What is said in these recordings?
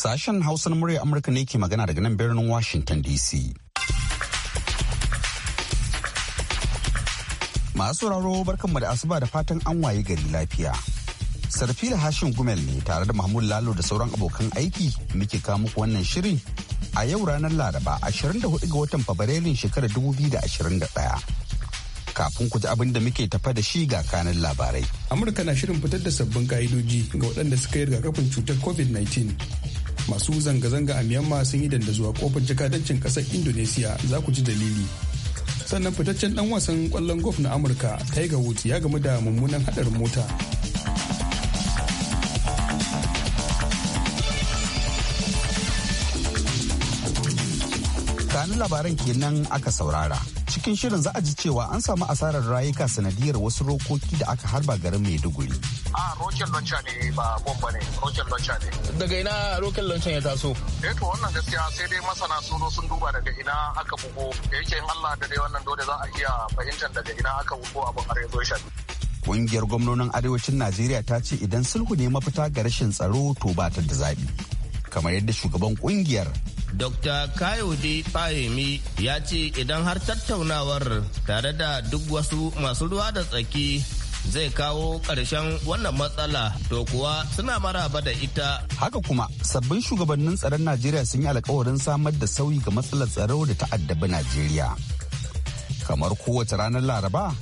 Sashen Hausa na murya Amurka ne ke magana daga nan birnin Washington DC. Masu sauraro barkanmu da asuba da fatan an waye gari lafiya. Sarfila Hashim Gumel ne tare da Mahmud Lalo da sauran abokan aiki muke kawo muku wannan shirin a yau ranar Laraba 24 ga watan Fabrairun shekarar 2021. kafin ku ji abin da muke tafa da shi ga kanin labarai. Amurka na shirin fitar da sabbin ka'idoji ga waɗanda suka yi rigakafin cutar COVID-19 masu zanga-zanga a myanmar sun yi danda zuwa kofar jakadancin kasar indonesia za ku ji dalili sannan fitaccen dan wasan kwallon golf na amurka tiger woods ya gamu da mummunan hadarin mota kanun labaran kenan aka saurara cikin shirin za a ji cewa an samu asarar rayuka sanadiyar wasu rokoki da aka harba garin maiduguri a rokin lancha ne ba bomba ne rokin lancha ne daga ina rokin lancha ya taso eh to wannan gaskiya sai dai masana sun sun duba daga ina aka bugo da yake in Allah da dai wannan dole za a iya fahimtar daga ina aka bugo abin har ya shi Ƙungiyar gwamnonin arewacin Najeriya ta ce idan sulhu ne mafita ga rashin tsaro to ba ta da zaɓi. kamar yadda shugaban kungiyar Dr. Kayode Fahimi ya ce idan har tattaunawar tare da duk wasu masu ruwa da tsaki zai kawo ƙarshen wannan matsala to kuwa suna maraba da ita. Haka kuma sabbin shugabannin tsaron Najeriya sun yi alkawarin samar da sauyi ga matsalar tsaro da ta'addabi Najeriya. Kamar kowace ranar Laraba,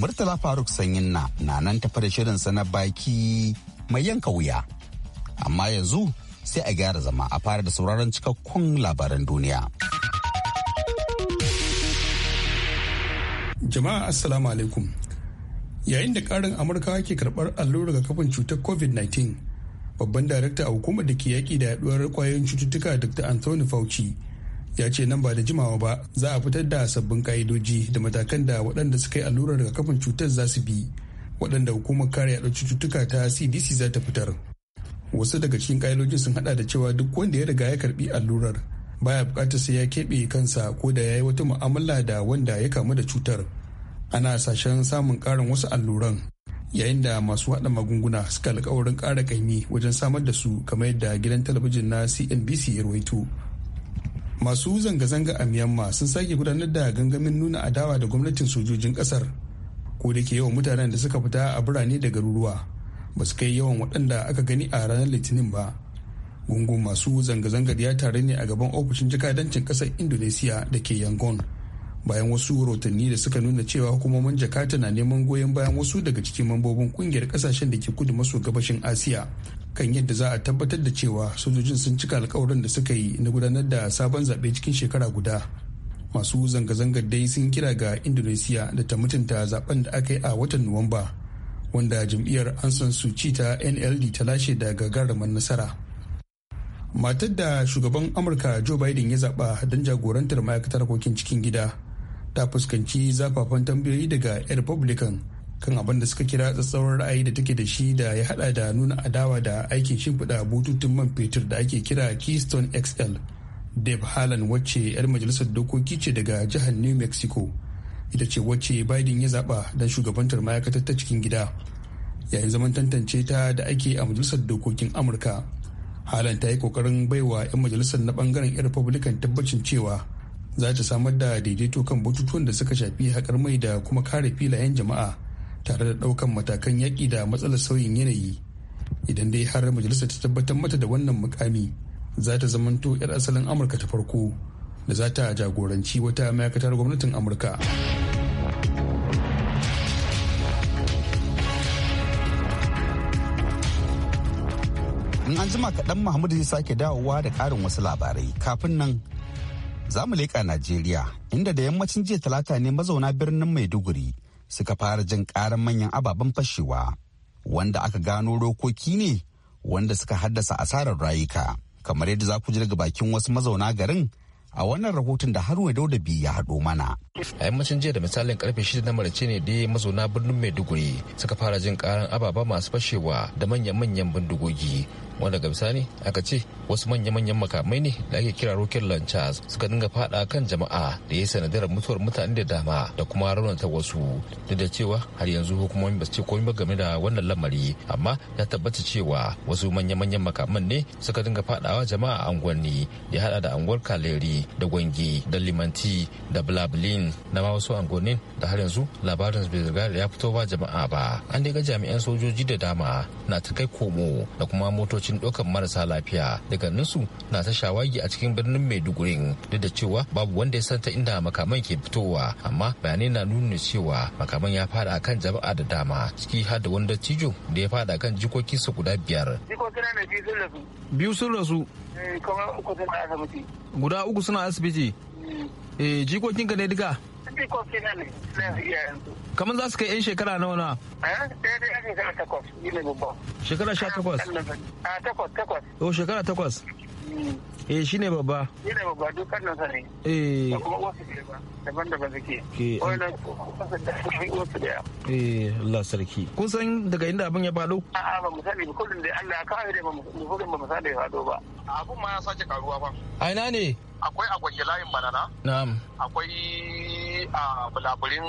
Murtala Faruk Sanyin na nan ta da shirinsa na baki mai yanka wuya. Amma yanzu sai a gyara zama a fara da sauraron cikakkun labaran duniya. Jama'a Assalamu alaikum. Yayin da ƙarin Amurka ke karɓar allurar kafin cutar COVID-19, babban darakta a hukumar da ke yaƙi da yaduwar kwayoyin cututtuka Dr. Anthony Fauci ya ce nan ba da jimawa ba za a fitar da sabbin ƙa'idoji da matakan da waɗanda suka yi allurar kafin cutar za su bi waɗanda hukumar kare yaɗa cututtuka ta CDC za ta fitar. wasu daga cikin ƙa'idojin sun hada da cewa duk wanda ya riga ya karbi allurar baya bukatar sai ya keɓe kansa ko da ya yi wata mu'amala da wanda ya kamu da cutar ana sashen samun ƙarin wasu alluran yayin da masu haɗa magunguna suka alkawarin ƙara ƙaimi wajen samar da su kamar yadda gidan talabijin na cnbc ya rawaito masu zanga-zanga a miyamma sun sake gudanar da gangamin nuna adawa da gwamnatin sojojin ƙasar ko da ke yawan mutanen da suka fita a birane da garuruwa ba su kai yawan waɗanda aka gani a ranar litinin ba gungun masu zanga-zangar ya tare ne a gaban ofishin jakadancin ƙasar indonesiya da ke yangon bayan wasu rotanni da suka nuna cewa hukumomin jakarta na neman goyon bayan wasu daga cikin mambobin kungiyar kasashen da ke kudu maso gabashin asiya kan yadda za a tabbatar da cewa sojojin sun cika alkawarin da suka yi na gudanar da sabon zaɓe cikin shekara guda masu zanga-zangar dai sun kira ga indonesiya da ta mutunta zaben da aka yi a watan nuwamba wanda jam'iyyar ansan suci ta nld ta lashe da gagarumar nasara matar da shugaban amurka joe biden ya zaba don jagorantar ma'aikatar harkokin cikin gida ta fuskanci zafafan tambayoyi daga 'yan republican kan abin da suka kira tsatsauran ra'ayi da take da shi da ya hada da nuna adawa da aikin shimfiɗa bututun man fetur da ake kira keystone xl dave haaland wacce 'yar majalisar dokoki ce daga jihar new mexico ita ce wacce biden ya zaba don shugabantar ma'aikatar ta cikin gida yayin zaman tantance ta da ake a majalisar dokokin amurka halan ta yi kokarin baiwa 'yan majalisar na bangaren 'yan republican tabbacin cewa za ta samar da daidaito kan batutuwan da suka shafi haƙar mai da kuma kare filayen jama'a tare da ɗaukan matakan yaƙi da matsalar sauyin yanayi idan dai har majalisar ta tabbatar mata da wannan mukami za ta zamanto 'yar asalin amurka ta farko da za ta jagoranci wata ma'aikatar gwamnatin amurka in an jima kaɗan mahmudu zai sake dawowa da ƙarin wasu labarai kafin nan za mu leƙa najeriya inda da yammacin jiya talata ne mazauna birnin maiduguri suka fara jin ƙarin manyan ababen fashewa wanda aka gano rokoki ne wanda suka haddasa asarar rayuka kamar yadda za ku ji daga bakin wasu mazauna garin a wannan rahoton da haruna dauda biyu ya haɗo mana. a yammacin jiya da misalin karfe shida na marace ne dai mazauna birnin maiduguri suka fara jin karan ababa masu fashewa da manya-manyan bindigogi wanda ga bisani aka ce wasu manya-manyan makamai ne da ake kira Rokin Lanchas suka dinga fada kan jama'a da ya sanadiyar mutuwar mutane da dama da kuma raunata wasu duk da cewa har yanzu hukumomi ba su ce komai ba game da wannan lamari amma ya tabbata cewa wasu manya-manyan makaman ne suka dinga fadawa jama'a a unguwanni ya hada da unguwar kaleri da Gwangi da Limanti da Blablin na ma wasu angonin da har yanzu labarin bai da ya fito ba jama'a ba. An dai ga jami'an sojoji da dama na ta kai komo da kuma motocin ɗaukar marasa lafiya daga dukkaninsu na ta shawagi a cikin birnin Maiduguri duk da cewa babu wanda ya santa inda makaman ke fitowa amma bayanai na nuna cewa makaman ya fada kan jama'a da dama ciki har da wanda cijo da ya fada kan jikokinsa guda biyar. Jikokina na biyu sun rasu. Biyu sun rasu. Eh, kuma uku suna asibiti guda uku suna asibiti hmm. eh jikokin ka ne duka jikokin ne kamar za su kai 'yan shekara nawa na eh, da shekara takwas ne shekara sha takwas a ah, takwas takwas oh, shekara takwas hmm. eh ne babba ne babba dukkan nasa ne eh ba kuma wasu ne ba daban-daban suke eh wannan wasu da eh Allah sarki kun san daga inda abin ya fado a'a ba mu sani ba kullun da Allah ya kawo da mu kullun ba mu sani ya fado ba abun ma ya sake karuwa ba a ina ne akwai a gwange layin banana akwai a bulaburin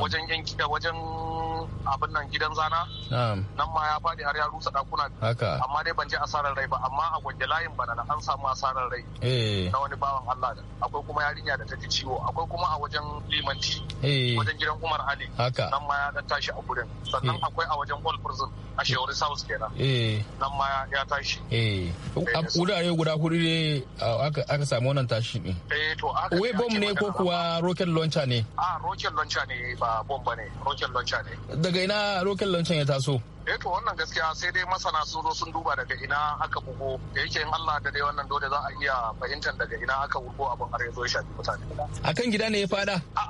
wajen yanki wajen abin nan gidan zana nan ma ya faɗi har ya rusa ɗakuna amma dai ban ji asarar rai ba amma a gwange layin banana an samu asarar rai eh. na wani bawan Allah da akwai kuma yarinya da ta ji ciwo akwai kuma a wajen limanti eh. wajen gidan Umar Ali nan ma ya ɗan tashi a gurin sannan eh. akwai a wajen Old Prison a shehuri south kenan eh. nan ma ya tashi wurare eh. eh, guda hudu ne aka samu wannan tashi ne wai bom ne ko kuwa rocket launcher ne a ah, rocket launcher ne ba bom ba ne rocket launcher ne daga ina rocket launcher ya taso eh to wannan gaskiya sai dai masana sun zo sun duba daga ina aka bugo da yake in Allah da dai wannan dole za a iya fahimtar daga ina aka bugo abin har yazo ya shafi mutane akan gida ne ya fada a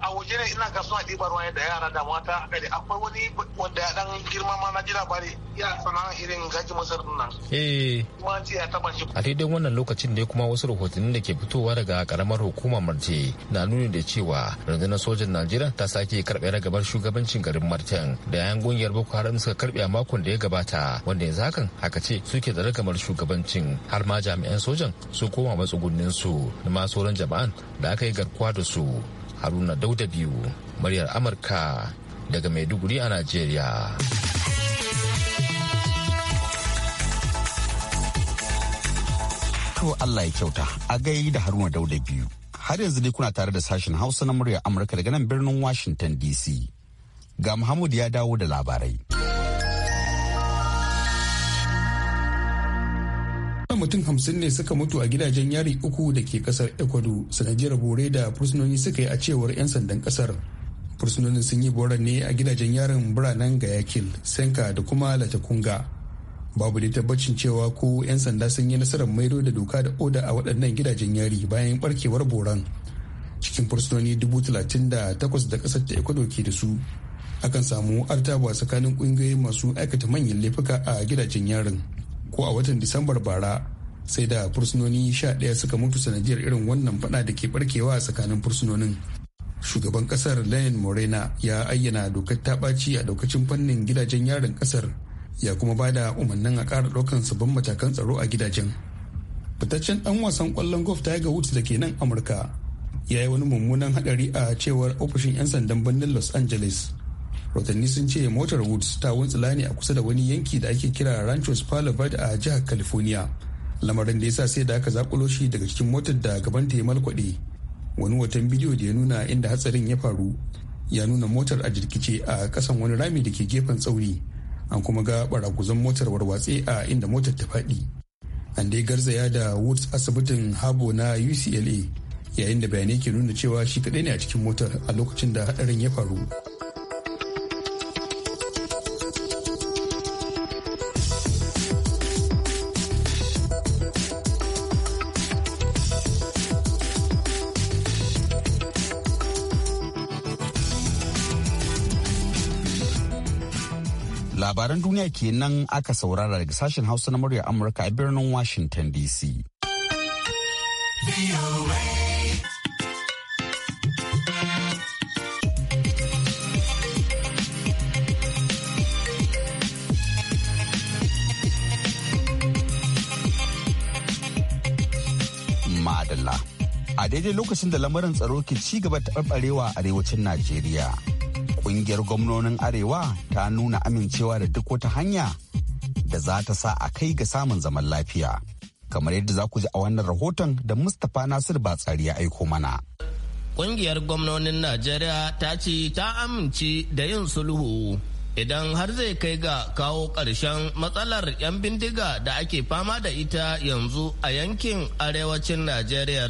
a waje ne ina ga suna ɗibar waya da yara da mata a akwai wani wanda ya dan girma ma na jira labari ya sana irin gaji masar nan eh kuma ce ya taba shi a daidai wannan lokacin ne kuma wasu rahotanni da ke fitowa daga karamar hukumar Marte na nuni da cewa rundunar sojan Najeriya ta sake karɓe ragabar shugabancin garin Martin da yan gungiyar Boko Haram suka karbe a makon da ya gabata wanda yanzu hakan haka ce suke da ragamar shugabancin har ma jami'an sojan su koma matsugunnin su na ma sauran jama'an da aka yi garkuwa da su haruna dauda biyu muryar amurka daga maiduguri a nigeria. to allah ya kyauta a gai da haruna dauda biyu har yanzu dai kuna tare da sashen hausa na muryar amurka daga nan birnin washington dc ga muhammadu ya dawo da labarai mutum hamsin ne suka mutu a gidajen yari uku da ke kasar ecuador sanadiyar bore da fursunoni suka yi a cewar 'yan sandan kasar fursunonin sun yi boran ne a gidajen yarin biranen gayakil senka da kuma latakunga babu da tabbacin cewa ko 'yan sanda sun yi nasarar maido da doka da oda a waɗannan gidajen yari bayan barkewar boran cikin fursunoni dubu talatin da takwas da ƙasar ta ecuador ke da su akan samu artaba tsakanin ƙungiyoyi masu aikata manyan laifuka a gidajen yarin ko a watan disambar bara sai da fursunoni sha ɗaya suka mutu sanadiyar irin wannan fada da ke barkewa a tsakanin fursunonin shugaban kasar lenin morena ya ayyana dokar ta ɓaci a daukacin fannin gidajen yarin kasar ya kuma ba da umarnin a ƙara ɗaukan sabbin matakan tsaro a gidajen fitaccen ɗan wasan ƙwallon golf tiger woods da ke nan amurka ya yi wani mummunan haɗari a cewar ofishin 'yan sandan birnin los angeles rotanni sun ce motar woods ta wuntsila ne a kusa da wani yanki da ake kira rancho palo a jihar california lamarin da ya sa sai da aka zakulo shi daga cikin motar da gaban ta ya malkwaɗe wani watan bidiyo da ya nuna inda hatsarin ya faru ya nuna motar a jirkice a ƙasan wani rami da ke gefen tsauri an kuma ga ɓaraguzan motar warwatse a inda motar ta faɗi an dai garzaya da woods asibitin habo na ucla yayin da bayanai ke nuna cewa shi kaɗai ne a cikin motar a lokacin da hatsarin ya faru. labaran duniya kenan aka saurara daga sashen hausa na murya amurka a birnin washington dc Madalla. A daidai lokacin da lamarin tsaro ke ci gaba ta barbarewa a arewacin Najeriya. Kungiyar gwamnonin Arewa ta nuna amincewa da duk wata hanya da za ta sa a kai ga samun zaman lafiya. Kamar yadda za ku ji a wannan rahoton da Mustapha Nasir Batsari ya aiko mana. Kungiyar gwamnonin Najeriya ta ce ta amince da yin sulhu idan har zai kai ga kawo ƙarshen matsalar 'yan bindiga da ake fama da ita yanzu a yankin arewacin Najeriya.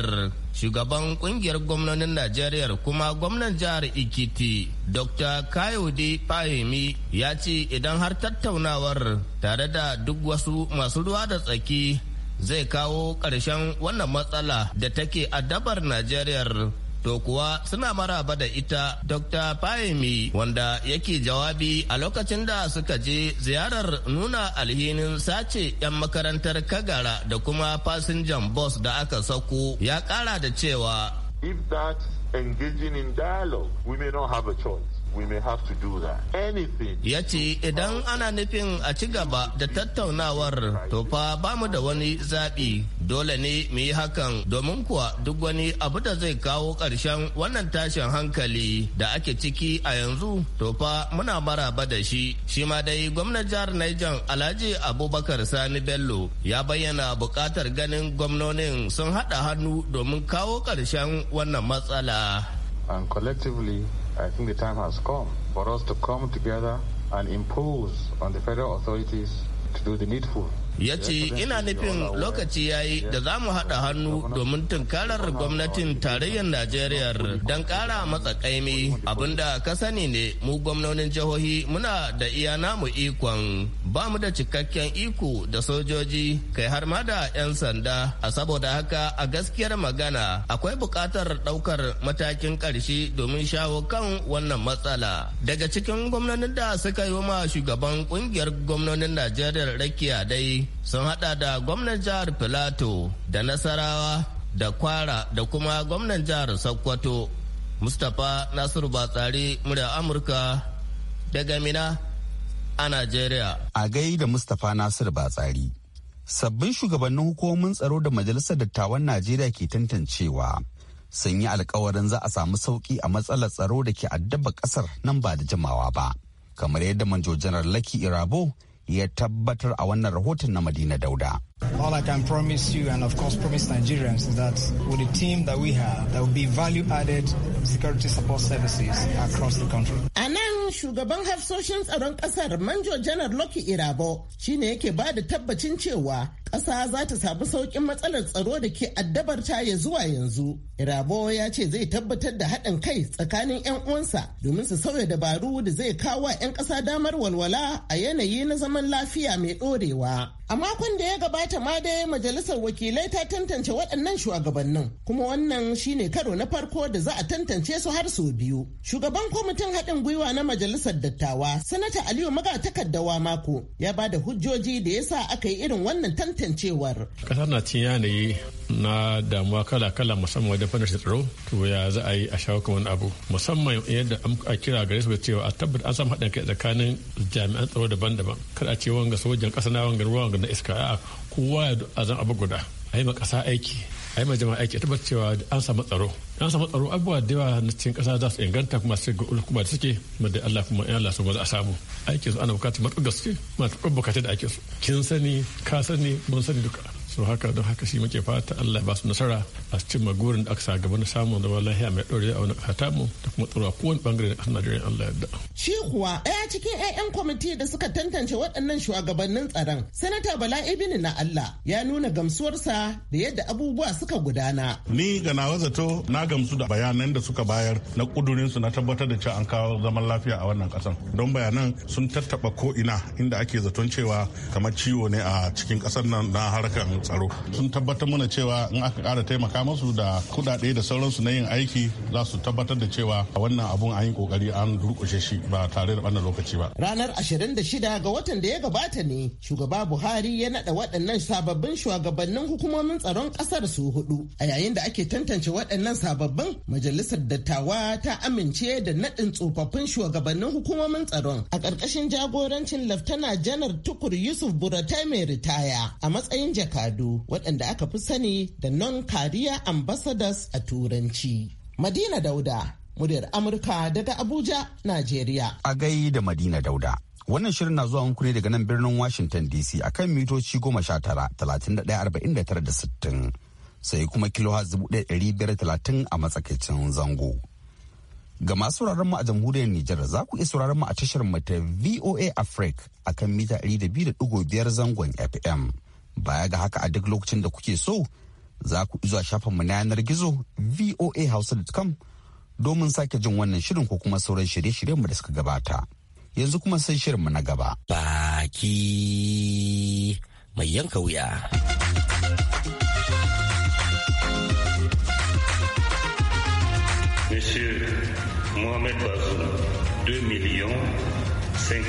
shugaban kungiyar gwamnonin najeriya kuma gwamnan jihar ikiti dr kayode fahimi ya ce idan har tattaunawar tare da duk wasu masu ruwa da tsaki zai kawo ƙarshen wannan matsala da take dabar najeriya to kuwa suna maraba da ita Dr. Fahimi wanda yake jawabi a lokacin da suka je ziyarar nuna alhinin sace 'yan makarantar Kagara da kuma fasinjan bus da aka sako ya kara da cewa. If that engaging in dialogue, we may not have a choice. Ya ce idan ana nufin a ci gaba da tattaunawar to fa ba mu da wani zaɓi dole ne mu yi hakan domin kuwa duk wani abu da zai kawo ƙarshen wannan tashin hankali da ake ciki a yanzu to fa muna maraba da shi shi ma dai gwamnan jihar Niger Alhaji Abubakar Sani Bello ya bayyana buƙatar ganin gwamnonin sun haɗa hannu domin kawo ƙarshen wannan matsala. And I think the time has come for us to come together and impose on the federal authorities to do the needful ya ce ina nufin lokaci ya yi da za mu haɗa hannu domin tunkarar gwamnatin tarayyar najeriya don ƙara matsakaimi abinda ka sani ne mu gwamnonin jihohi muna da iya namu ikon ba mu da cikakken iko da sojoji kai har ma da 'yan sanda a saboda haka a gaskiyar magana akwai buƙatar ɗaukar matakin ƙarshe domin shawo kan wannan matsala daga cikin gwamnonin da suka yi ma shugaban ƙungiyar gwamnonin najeriya rakiya dai sun hada da gwamnan jihar Filato da Nasarawa da Kwara da kuma gwamnan jihar Sokoto. Mustapha Nasiru Batsari murya Amurka daga Mina a Najeriya. A da Mustapha Nasiru Batsari. Sabbin shugabannin hukumomin tsaro da Majalisar Dattawan Najeriya ke tantancewa sun yi alkawarin za a samu sauki a matsalar tsaro da ke addaba kasar nan ba da jimawa ba. Kamar yadda Manjo Janar Laki Irabo ya tabbatar a wannan rahoton na Madina Dauda. All I can promise you and of course promise Nigerians is that with the team that we have there will be value added security support services across the country. shugaban hafsoshin tsaron ƙasar Manjo Janar Loki Irabo shine yake ba da tabbacin cewa ƙasa za ta samu sauƙin matsalar tsaro da ke addabar ta ya zuwa yanzu. Irabo ya ce zai tabbatar da haɗin kai tsakanin 'yan uwansa domin su sauya dabaru da zai kawo 'yan ƙasa damar walwala a yanayi na zaman lafiya mai ɗorewa. A makon da ya gabata ma dai majalisar wakilai ta tantance waɗannan shugabannin kuma wannan shine karo na farko da za a tantance su har sau biyu. Shugaban kwamitin haɗin gwiwa na majalisar dattawa sanata Aliyu Maga takaddawa mako ya ba da hujjoji da ya sa aka yi irin wannan tantancewar. Ƙasar na cin yanayi na damuwa kala-kala musamman wajen fannin tsaro to ya za a yi a shawo kan wani abu musamman yadda a kira gare su cewa a tabbata an samu haɗin kai tsakanin jami'an tsaro daban-daban kada a ce wanga sojan ƙasa na wanga ruwa wanga na iska a kowa ya zan abu guda a yi ma ƙasa aiki a yi ma jama'a aiki a tabbata cewa an samu tsaro an samu tsaro abubuwa da yawa na cikin ƙasa za su inganta kuma su kuma da suke kuma da Allah kuma in Allah su ba za a samu aikin su ana bukatar matuƙar gaske matuƙar bukatar da aikin su kin sani ka sani mun sani duka so haka don haka shi muke fata Allah ba su nasara a cikin gurin da aka sa gaba na samun zaman lahiya mai dore a wani kata mu da kuma tsoro a kowane bangare na Najeriya Allah ya da. Shi kuwa ɗaya cikin 'ya'yan kwamiti da suka tantance waɗannan shugabannin tsaron sanata Bala Ibini na Allah ya nuna gamsuwarsa da yadda abubuwa suka gudana. Ni ga nawa zato na gamsu da bayanan da suka bayar na kudurin su na tabbatar da cewa an kawo zaman lafiya a wannan kasar don bayanan sun tattaɓa ko ina inda ake zaton cewa kamar ciwo ne a cikin kasar nan na harkar tsaro sun tabbatar mana cewa in aka kara taimaka musu da kudade da sauransu na yin aiki za su tabbatar da cewa wannan abun an yi kokari an rukushe shi ba tare da wannan lokaci ba. Ranar 26 ga watan da ya gabata ne shugaba Buhari ya naɗa waɗannan sababbin shugabannin hukumomin tsaron ƙasar su hudu a yayin da ake tantance waɗannan sababbin majalisar dattawa ta amince da naɗin tsofaffin shugabannin hukumomin tsaron a ƙarƙashin jagorancin laftana janar tukur Yusuf Buratai mai ritaya a matsayin jakar al'adu waɗanda aka fi sani da non-career ambassadors a turanci. Madina Dauda, muryar Amurka daga Abuja, Najeriya. A gai da Madina Dauda. Wannan shirin na zuwa muku ne daga nan birnin Washington DC a kan mitoci goma sha tara, talatin da ɗaya arba'in da tara da sittin. Sai kuma kilo dubu ɗaya ɗari biyar talatin a matsakaicin zango. Ga masu mu a jamhuriyar Nijar za ku iya mu a tashar mu ta VOA Africa a kan mita 200.5 zangon FM. Baya ga haka a duk lokacin da kuke so za ku izuwa shafinmu na yanar gizo voahouse.com domin sake jin wannan shirin ko kuma sauran shirye-shiryenmu da suka gabata. Yanzu kuma sai shirinmu na gaba. Baki mai yanka wuya. Monsieur Mohamed Bazoum, 2 millions 501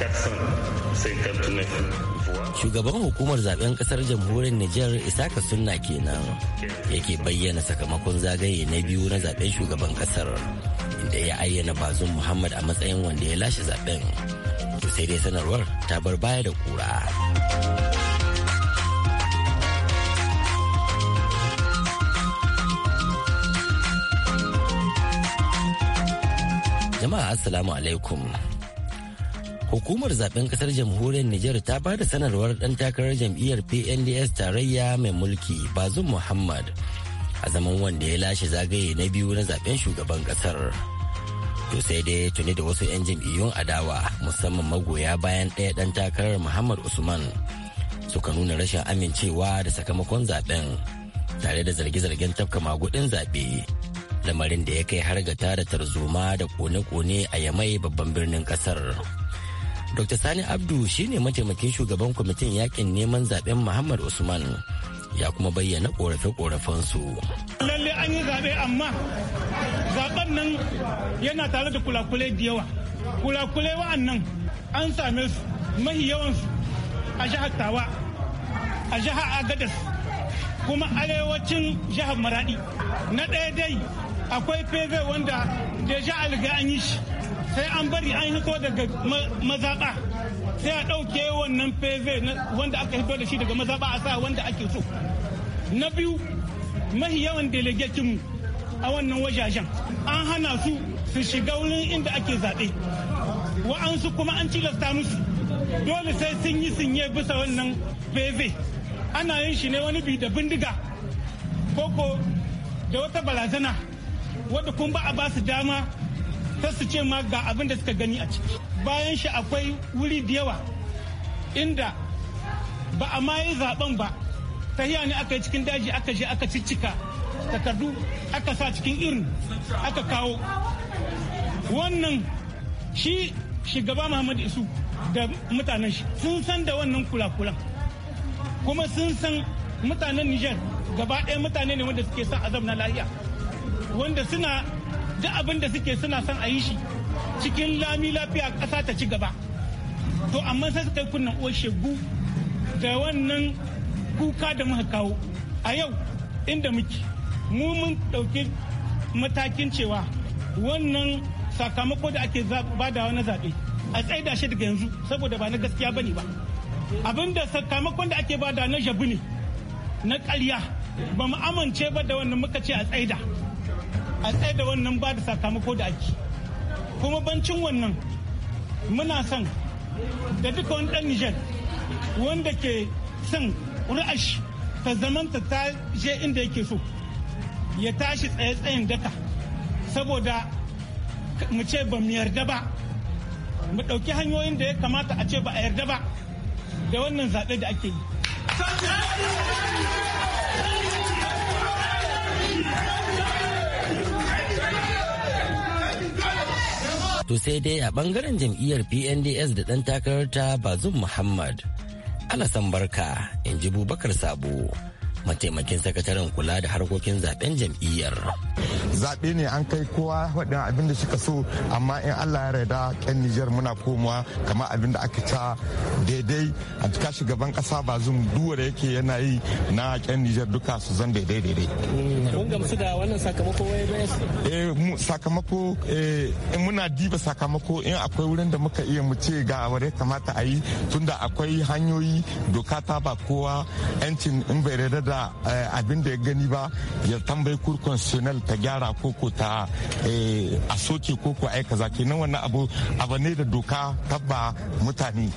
459. shugaban hukumar zaben kasar jamhuriyar Nijar Isaka Sunna kenan yake bayyana sakamakon zagaye na biyu na zaben shugaban kasar inda ya ayyana bazum Muhammad a matsayin wanda ya lashe zaben. To sai dai sanarwar ta bar baya da kura. Jama'a Assalamu alaikum. Hukumar zaben kasar jamhuriyar Nijar ta ba da sanarwar ɗan takarar jam'iyyar PNDS tarayya mai mulki Bazum Muhammad a zaman wanda ya lashe zagaye na biyu na zaben shugaban kasar. To sai dai tuni da wasu 'yan jam'iyyun adawa musamman magoya bayan ɗaya ɗan takarar Muhammad Usman suka nuna rashin amincewa da sakamakon zaben tare da zarge-zargen tafka magudin zaɓe. lamarin da ya kai har ga tara tarzoma da kone-kone a yamai babban birnin kasar. dr sani abdu shi ne mataimakin shugaban kwamitin yakin neman zaben muhammad usman ya kuma bayyana korafe-korafensu lalle an yi zaɓe amma zaben nan yana tare da kulakule da yawa kulakule wa'annan an same su mahi yawansu a jihar tawa a jihar agadas kuma arewacin jihar maradi na ɗaya dai akwai fefe wanda da ja alga an yi shi sai an bari an hito daga mazaɓa sai a ɗauke wannan pv wanda aka hito da shi daga mazaɓa a sa wanda ake so na biyu mahi yawan delegatinmu a wannan wajajen an hana su su shiga wurin inda ake zaɓe wa'ansu kuma an cilasta musu dole sai sun yi sinye bisa wannan pv ana yin shi ne wani bi da bindiga koko da wata barazana wadda kun ba a ba su dama ta su ce ma ga abin da suka gani a ciki bayan shi akwai wuri da yawa inda ba a ma yi zaben ba tahiya ne aka yi cikin daji aka je aka ciccika takardu aka sa cikin irin aka kawo wannan shi shugaba muhammadu isu da mutanen shi sun san da wannan kula-kulan kuma sun san mutanen niger gaba ɗaya mutane ne wanda suke son azab na lahiya wanda suna duk abin da suke suna son a yi shi cikin lami lafiya ƙasa ta ci gaba to amma sai su kai kunnan oshegu shegu ga wannan kuka da muka kawo a yau inda muke mu mun ɗauki matakin cewa wannan sakamako da ake badawa na zaɓe a tsaida shi daga yanzu saboda ba na gaskiya bane ba abinda sakamakon da ake bada na jabu ne na ƙarya ba mu amince ba da wannan muka ce a tsaida a tsaye da wannan ba da sakamako da ake kuma bancin wannan muna son da duka wani dan nijar wanda ke son ra'ashi ta zamanta ta je inda yake so ya tashi tsaye tsayin daka saboda mu ce ba mu yarda ba mu ɗauki hanyoyin da ya kamata a ce ba a yarda ba da wannan zaɓe da ake yi Thank you. To sai dai a bangaren jam'iyyar PNDS da ɗan takararta Bazum Muhammad. Alasan Barka, in ji Bubakar Sabo, mataimakin sakataren kula da harkokin zaben jam'iyyar. zaɓe ne an kai kowa waɗin abin da suka so amma in allah ya yarda ƙyan nijar muna komawa kamar abin da aka ta daidai a cika shugaban ƙasa ba zum duwa da yake yana yi na ƙyan nijar duka su zan daidai daidai. kun gamsu da wannan sakamako wai bai eh, sakamako eh, in muna diba sakamako in akwai wurin da muka iya mu ce ga abu ya kamata a yi tunda akwai hanyoyi doka ta ba kowa 'yancin in bai yarda da eh, abin da ya gani ba ya tambayi kur constitutional ta gyara koko ta eh, a soke koko ai kaza nan wannan abu abu ne da doka tabba mutane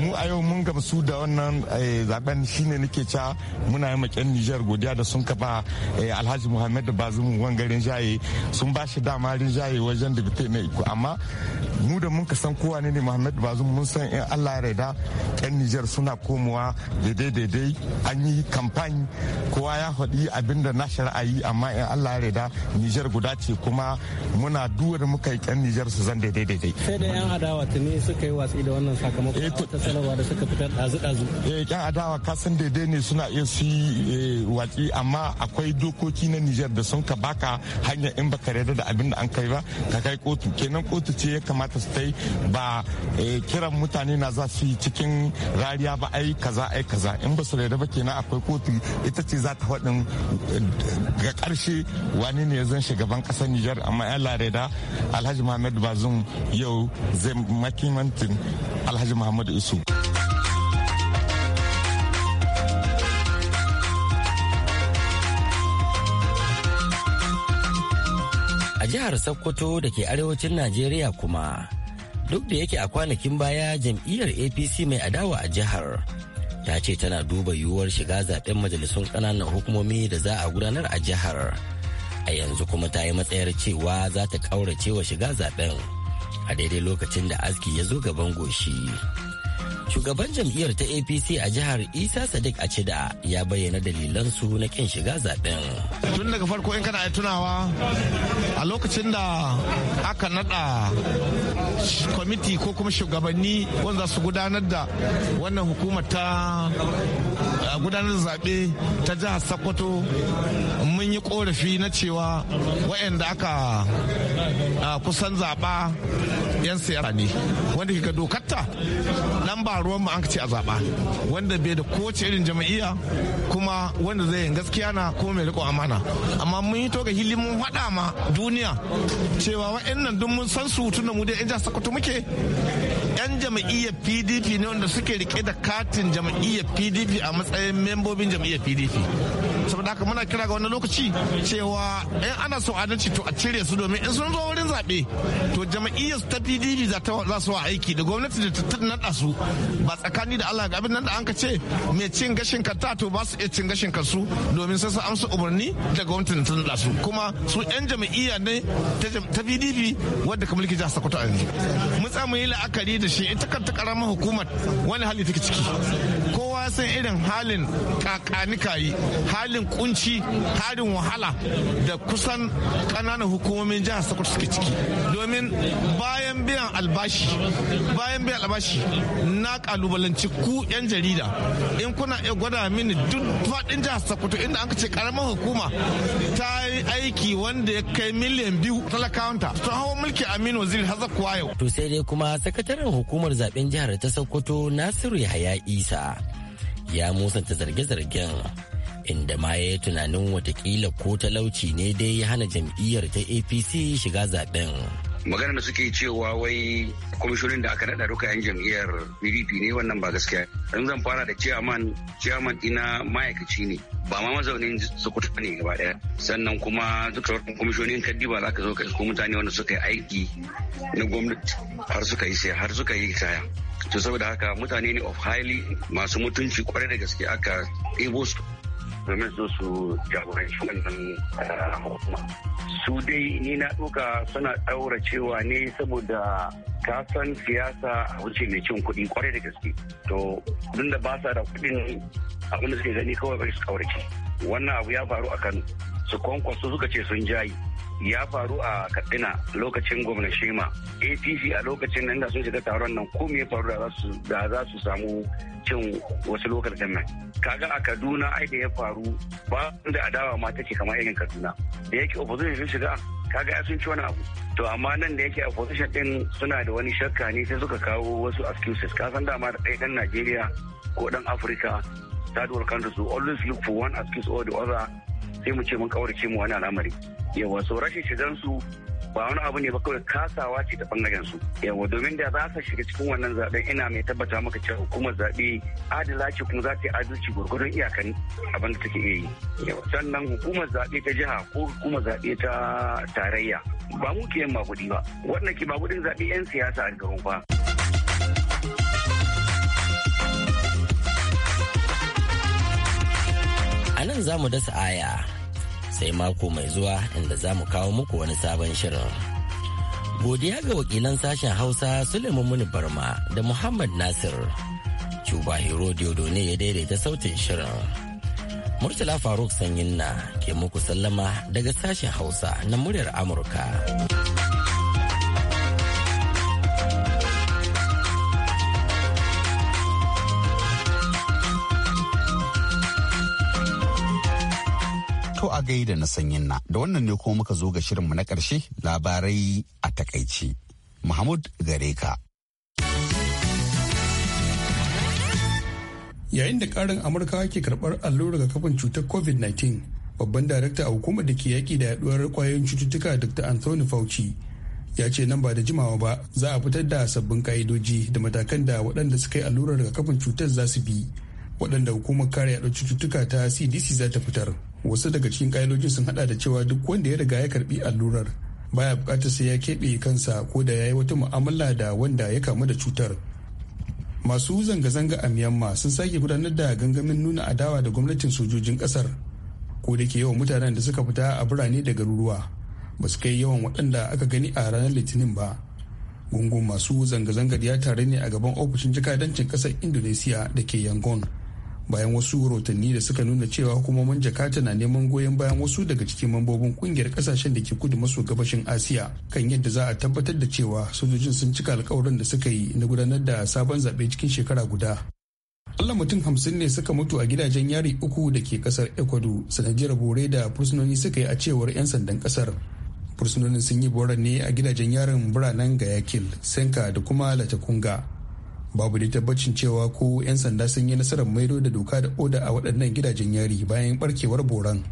mu a yau mun gamsu da wannan eh, zaben shine nake ca muna yi makin Nijar godiya da sun kafa eh, Alhaji Muhammad Bazumu wangarin jaye sun ba shi dama jaye wajen da bite na amma mu da mun san kowa ne ne Muhammad Bazumu mun san in Allah ya raida yan Nijar suna komowa daidai daidai an yi kamfani kowa ya faɗi abinda na shari'a yi amma in Allah ya raida Nijar guda ce kuma muna duwar muka yi kyan Nijar su zan daidai daidai. Sai da 'yan adawa tuni suka yi watsi da wannan sakamakon eh, wata sanarwa da suka fitar ɗazu ɗazu. Eh 'yan adawa san daidai ne suna iya su eh, watsi amma akwai dokoki na Nijar da sun ka baka hanya in baka yarda da abin da an kai ba ka kai kotu kenan kotu ce ya kamata su tai ba eh, kiran mutane na za su yi cikin rariya ba ai kaza ai kaza in ba su yarda ba kenan akwai kotu ita ce za ta faɗin ga ƙarshe wani ne zan shugaban kasar Nijar amma ya lareda Alhaji Muhammad Bazum yau zai makimantin Alhaji Muhammad Isu. A jihar Sokoto da ke arewacin Najeriya kuma duk da yake a kwanakin baya jam'iyyar APC mai adawa a jihar ta ce tana duba yiwuwar shiga zaben majalisun ƙananan hukumomi da za a gudanar a jihar. a yanzu kuma ta yi matsayar cewa za ta ƙaurace wa shiga zaben a daidai lokacin da aski ya zo gaban goshi shugaban jam'iyyar ta apc a jihar isa sadiq a cida ya bayyana dalilansu na kin shiga zaben tun daga farko in kana tunawa a lokacin da aka nada kwamiti ko kuma shugabanni wanda su gudanar da wannan hukumar ta gudanar zaɓe ta jihar Sokoto mun yi korafi na cewa waɗanda aka kusan zaɓa 'yan siyasa ne wanda kika dokarta nan ba ruwan mu an ce a zaɓa wanda bai da kowace irin jama'iyya kuma wanda zai yin gaskiya na kuma mai riko amana amma mun yi toga hili mun haɗa ma duniya cewa waɗannan duk mun san su tunda mu dai 'yan jihar Sokoto muke 'yan jam'iyyar pdp ne wanda suke rike da katin jam'iyyar pdp a matsayin membobin jam'iyyar pdp saboda haka muna kira ga wani lokaci cewa in ana so adalci to a cire su domin in sun zo wurin zaɓe to jama'iyyar ta pdp za su aiki da gwamnati da ta naɗa su ba tsakani da allah ga abin nan da an ka ce mai cin gashin kanta to ba su iya cin gashin kansu domin sai su amsa umarni da gwamnati da ta naɗa su kuma su yan jama'iyya ne ta pdp wadda ka mulki jihar sokoto a yanzu mun tsamu yi la'akari da shi ita kanta karamar hukumar wani hali take ciki ko san irin halin kakanika yi halin kunci halin wahala da kusan kananan hukumomin jihar sokoto suke ciki domin bayan biyan albashi bayan biyan albashi na kalubalanci ku 'yan jarida in kuna iya gwada mini duk faɗin jihar sokoto inda an ce karamar hukuma ta yi aiki wanda ya kai miliyan biyu talakawanta sun hawa mulki aminu waziri hazar kuwa yau to sai dai kuma sakataren hukumar zaben jihar ta sokoto nasiru yahaya isa ya musanta zarge-zargen inda ma ya yi tunanin watakila ko talauci ne dai ya hana jam'iyyar ta apc shiga zaben magana da suke cewa wai kwamishonin da aka nada duka yan jam'iyyar pdp ne wannan ba gaskiya in zan fara da ciyaman chairman dina ma'aikaci ne ba ma mazaunin sokoto ne gaba daya sannan kuma duk sauran kwamishonin ba za ka zo ka isko mutane wanda suka yi aiki na gwamnati har suka yi sai har suka yi taya to saboda haka mutane ne of highly masu mutunci kwarai da gaske aka ɗebo su domin su su jagoranci wannan eh, hukuma su dai ni na ɗauka suna ɗaura cewa ne saboda ka san siyasa a wuce mai cin kuɗi kwarai da gaske to duk da ba sa da kuɗin abin da suke gani kawai bai su ƙaurace wannan abu ya faru a kano su kwankwaso suka ce sun jayi ya faru a katsina lokacin gwamnan shema apc a lokacin nan da sun shiga taron nan ko me faru da za su samu cin wasu lokacin nan kaga a kaduna ai da ya faru ba da adawa ma take kamar irin kaduna da yake opposition sun shiga kaga ya sun ci wani abu to amma nan da yake opposition din suna da wani shakka ne sai suka kawo wasu excuses san dama da ɗaya ɗan najeriya ko ɗan afirka third world countries will always look for one excuse or the other sai mu ce mun kaurace mu wani al'amari yawa so rashin shigan su ba wani abu ne ba kawai kasawa ce ta bangaren su yawa domin da za ka shiga cikin wannan zaben ina mai tabbata maka cewa hukumar zaɓe adala kuma za ta yi adalci gwargwadon iyakan abin da take yi yawa sannan hukumar zaɓe ta jiha ko hukumar zaɓe ta tarayya ba mu ke yin maguɗi ba wannan ke maguɗin zaɓe 'yan siyasa a garin ba. A nan za mu dasa aya sai mako mai zuwa inda za mu kawo muku wani sabon shirin. Godiya ga wakilan sashen Hausa Suleiman Muni Barma da Muhammad Nasir. Cuba Hero ne ya daidaita sautin shirin. Murtala Faruk Sanyin na ke muku sallama daga sashen Hausa na muryar Amurka. zagaye da na sanyin na da wannan ne kuma muka zo ga shirinmu na ƙarshe labarai a takaici mahmud gareka. yayin da karin amurka ke karbar allurar kafin cutar covid-19 babban darakta a hukumar da ke yaƙi da yaɗuwar kwayoyin cututtuka dr anthony fauci ya ce nan ba da jimawa ba za a fitar da sabbin ƙa'idoji da matakan da waɗanda suka yi allurar kafin cutar za su bi waɗanda hukumar kare yaɗa cututtuka ta cdc za ta fitar wasu daga cikin ƙa'idojin sun hada da cewa duk wanda ya riga ya karbi allurar baya bukatar sai ya keɓe kansa ko da ya yi wata mu'amala da wanda ya kamu da cutar masu zanga-zanga a myanmar sun sake gudanar da gangamin nuna adawa da gwamnatin sojojin kasar ko da ke yawan mutanen da suka fita a birane da garuruwa ba su kai yawan waɗanda aka gani a ranar litinin ba gungun masu zanga-zangar ya tare ne a gaban ofishin jakadancin ƙasar indonesiya da ke yangon bayan wasu rotanni da suka nuna cewa hukumomin jakarta na neman goyon bayan wasu daga cikin mambobin kungiyar kasashen da ke kudu maso gabashin asiya kan yadda za a tabbatar da cewa sojojin sun cika alkawarin da suka yi na gudanar da sabon zaɓe cikin shekara guda Allah mutum hamsin ne suka mutu a gidajen yari uku da ke kasar ecuador sanadiyar bore da fursunoni suka yi a cewar 'yan sandan kasar fursunonin sun yi boran ne a gidajen yarin biranen gayakil senka da kuma latakunga babu da tabbacin cewa ko 'yan sanda sun yi nasarar maido da doka da oda a waɗannan gidajen yari bayan barkewar boran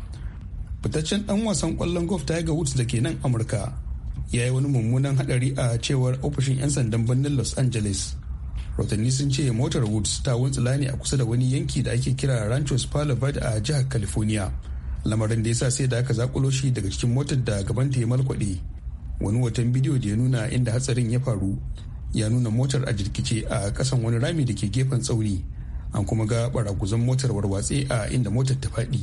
fitaccen ɗan wasan kwallon golf tiger woods da ke nan amurka ya yi wani mummunan haɗari a cewar ofishin 'yan sandan birnin los angeles rotanni sun ce motar woods ta wuntsula ne a kusa da wani yanki da ake kira rancho palo a jihar california lamarin da ya sa sai da aka zakulo shi daga cikin motar da gaban ta ya malkwaɗe wani watan bidiyo da ya nuna inda hatsarin ya faru ya nuna motar a jirkice a kasan wani rami da ke gefen tsauni an kuma ga barakuzan motar warwatse a inda motar ta faɗi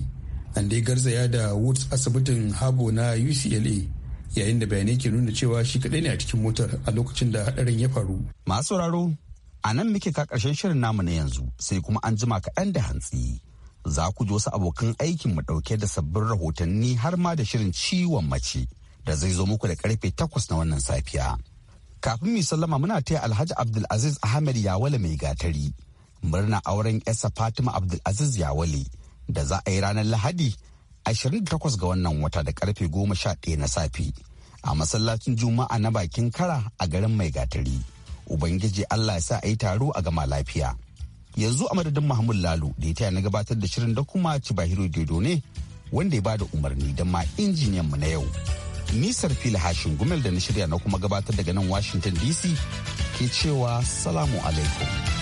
an dai garzaya da woods asibitin habo na ucla yayin da bayanai ke nuna cewa shi kaɗai ne a cikin motar a lokacin da haɗarin ya faru masu sauraro a nan muke ka ƙarshen shirin namu na yanzu sai kuma an jima kaɗan da hantsi za ku ji wasu abokan aikin mu ɗauke da sabbin rahotanni har ma da shirin ciwon mace da zai zo muku da karfe takwas na wannan safiya. kafin mu sallama muna taya alhaji abdulaziz ahmed yawale mai gatari murna auren yarsa fatima abdulaziz yawale da za a yi ranar lahadi 28 ga wannan wata da karfe 11 na safe a masallacin juma'a na bakin kara a garin mai gatari ubangiji allah ya sa a yi taro a gama lafiya yanzu a madadin mahmud lalu da ya taya na gabatar da shirin da kuma Bahiru dodo ne wanda ya bada umarni da ma injiniyan mu na yau Nisar fili hashin gumel da na shirya na kuma gabatar daga nan Washington DC ke cewa salamu alaikum.